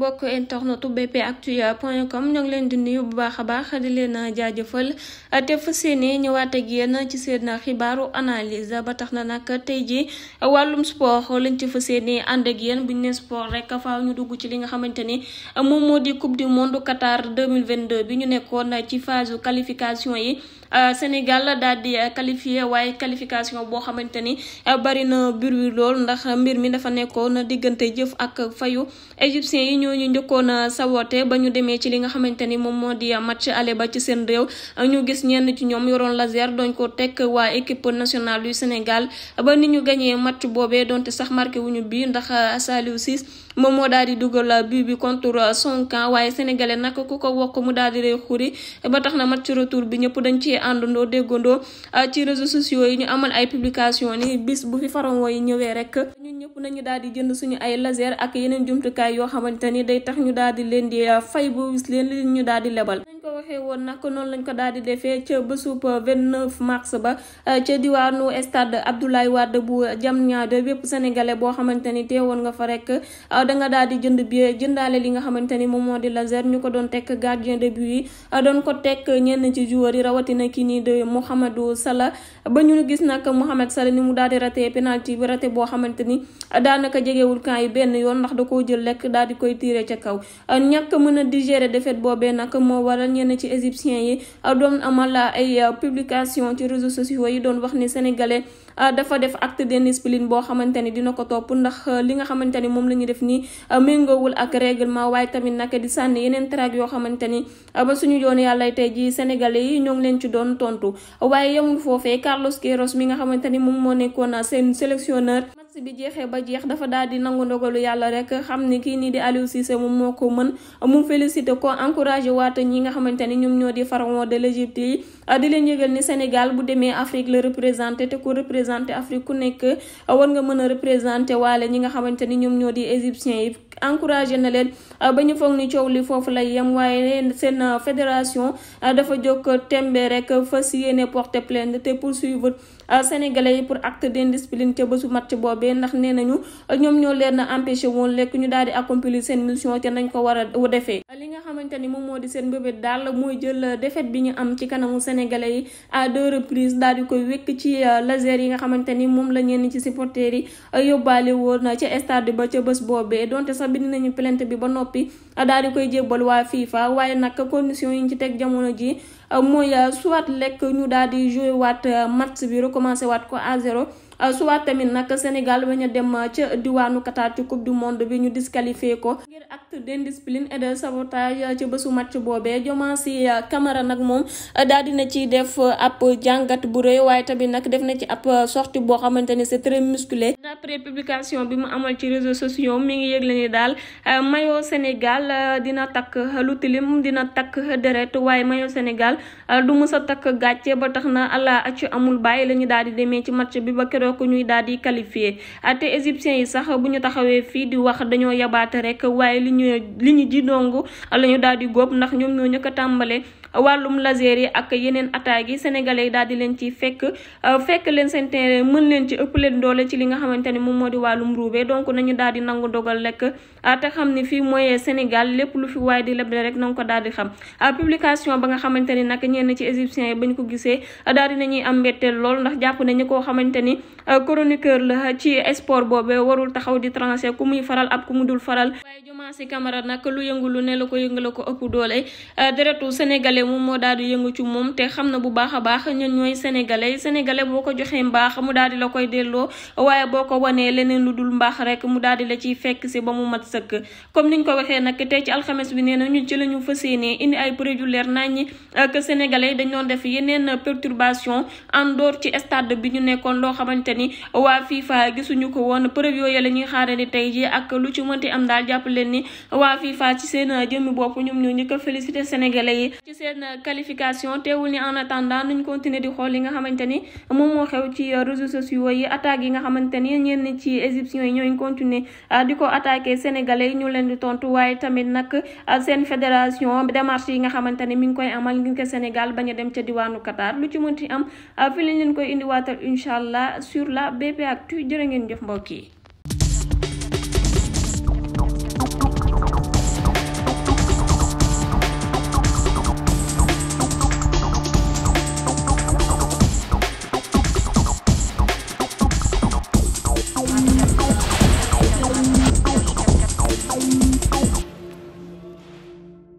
mbokk internetu bp actu point com ñoo ngi leen di nuyu bu baax a baax di leen jaajëfal te fa seeni ñëwaat ak yéen ci seen xibaaru analyse ba tax na nag tey jii wàllum sport lañ ci fa seeni ànd ak bu buñ ne sport rek faaw ñu dugg ci li nga xamante ni moom moo di coupe du monde vingt 2022 bi ñu nekkoon na ci phase qualification yi. Euh, Sénégal daal di euh, waaye qualification boo xamante ni euh, bari na bruit lool ndax mbir mi dafa nekkoon diggante jëf ak fayu égyptiens yi ñooñu njëkkoon a sawote ba ñu demee ci li nga xamante ni moom moo di match aller ba ci seen réew ñu gis ñenn ci ñoom yoroon laser doñ ko teg waa équipe nationale du Sénégal ba ni ñu gañee match boobee donte sax marqué wuñu bi ndax Saliou Ciss moom moo daal di dugal euh, but bi contre euh, son camp waaye sénégalais naka ku ko wokk mu daal di rey xuri ba tax na mat ci retour bi ñëpp dañ ci àndandoo déggandoo euh, ci réseaux sociaux yi ñu amal ay publication ni bis bu fi faranwoo yi ñëwee rek ñu ñëpp nañu daal di jënd suñu ay laser ak yeneen jumtukaay yoo xamante ni day tax ñu daal di leen di fay bu wis leen ñu daal di lebal waxee woon nag noonu lañ ko daal di defee ca bésub 29 mars ba eh, ca diwaanu stade Abdoulaye Wade bu Diamniadio bépp sénégalais boo xamante te woon nga fa rekk eh, da nga daal di jënd bi jëndaale li nga xamante ni moom moo di laser ñu ko doon tekk gardien de but yi eh, doon ko tekk ñenn ci joueurs yi rawatina kii nii de Mouhamadou Salah ba ñu gis nag Mouhamed Salah ni mu daal di raté penalty bi raté boo xamante ni daanaka jegewul camp yi benn yoon ndax da koo jël lekk daal di koy tiire ca kaw na ci égyptiens yi doon amal ah, ay ah, publication ci réseaux sociaux yi doon wax ni sénégalais ah, dafa def acte de discipline boo xamante ni dina ko topp ndax li nga xamante ni moom la ñu def nii méngoowul ak règlement waaye tamit naka di sànni yeneen track yoo xamante ni suñu yoon yàlla tey ji sénégalais yi ñoo ngi leen ci doon tontu waaye yemul foofee Carlos Queiroz mi nga xamante ni moom moo nekkoon seen sélectionneur match bi jeexee ba jeex dafa daal di nangu ndogalu yàlla rek xam ni kii nii di Aliou Cissé moom moo ko mën mu félicité ko encouragé waata ñi nga xamante ni ñoom ñoo di pharaon de l'Égypte yi di leen yëgal ni Sénégal bu demee Afrique la représenté te ku représenté Afrique ku nekk war nga mën a représenté waale ñi nga xamante ni ñoom ñoo di égyptiens yi encouragé na leen euh, ba ñu foog ni coow li foofu lay yem waaye seen euh, fédération euh, dafa jóg tembe rek fas yéene porter plainte te poursuivre sénégalais yi pour acte d'indiscipline ca bésu match boobee ndax nee nañu ñoom ñoo leen a empêché woon lekk ñu daal di accomplir seen mission te nañ ko war a defee li nga xamante ni moom moo di seen mbébét daal mooy jël défaite bi ñu am ci kanamu sénégalais yi à deux daal di koy wékk ci laser yi nga xamante ni moom la ñenn ci supporters yi yóbbaale woon ca stade ba ca bés boobee donte sax bind nañu plainte bi ba noppi daal di koy jébbal waa FIFA waaye nag condition yi ñu ci teg jamono ji mooy soit lekk ñu daal di joué waat match bi recommencé waat ko à zéro Euh, soit tamit nag Sénégal bañ a dem euh, ca diwaanu Qatar ci coupe du monde bi ñu disqualifié ko ngir acte d'indiscipline et de sabotage euh, ci bésu match boobee Diomaye Sy Camara nag moom daal dina ci def ab jàngat bu rëy waaye tamit nag def na ci ab sortie boo xamante ni c'est très musclé d'après publication bi mu amal ci réseaux sociaux mi ngi yëgle ni daal maillot Sénégal dina takk lu tilim dina takk deret waaye maillot Sénégal du mës takk gàcce ba tax na allah ci amul bàyyi la ñu daal di demee ci match keroog ñuy daal di qualifié te égyptiens yi sax bu ñu taxawee fii di wax dañoo yabaate rek waaye li ñu li ñu ji dong la ñu daal di góob ndax ñoom ñoo ñëkk a tàmbale wàllum laser yi ak yeneen attaques yi sénégalais yi daal di leen ci fekk fekk leen seen terrain mën leen ci ëpp doole ci li nga xamante ne moom moo di wàllum ruube donc nañu daal di nangu dogal rek ah, te xam ni fii mooy Sénégal lépp lu fi waaye di leble rek nanga ko daal di xam ah, publication ba nga xamante ni nag ñenn ci égyptiens yi bañ ko gisee daal di nañuy am mbetteel lool ndax jàpp nañu koo xamante ni Euh, chroniqueur la ci sport boobe warul taxaw di tranché ku muy faral ab ku mu dul faral waaye Diomaye Sy Camara nag lu yëngu lu ne la ko yëngu la ko ëpp doole euh, deretu sénégalais moom moo daal di yëngu ci moom te xam na bu baax a baax ñun ñooy sénégalais sénégalais boo ko joxee mbaax mu daal di la koy delloo waaye boo ko wanee leneen lu dul mbaax rek mu daal di la ciy fekk si ba mu mat sëkk comme ni niñ ko waxee nag tey ci alxames bi nee na ñun ci la ñu fas yéenee indi ay préju leer naññi que sénégalais dañ doon def yeneen perturbation en dehors ci stade bi ñu nekkoon xamante ni waa FIFA gisuñu ko woon preuve yooyu la ñuy xaarandi tey ji ak lu ci mënti am daal jàpp leen ni waa FIFA ci seen jëmmi bopp ñoom ñoo njëkk a félicité sénégalais yi di xool li nga xamante ni moom moo xew ci yi attaques yi nga xamante ni ñenn ci égyptiens yi ñooy continuer ah, di ko attaqué sénégalais ñu leen di tontu waaye tamit nag ah, seen fédération démarche yi nga xamante ni mi ngi koy amal ngir ko Sénégal bañ a dem ca diwaanu Qatar lu ci mënti am ah, fi lañ leen koy indiwaatal incha allah sur la BP Actu jërë ngeen jëf mbok yi.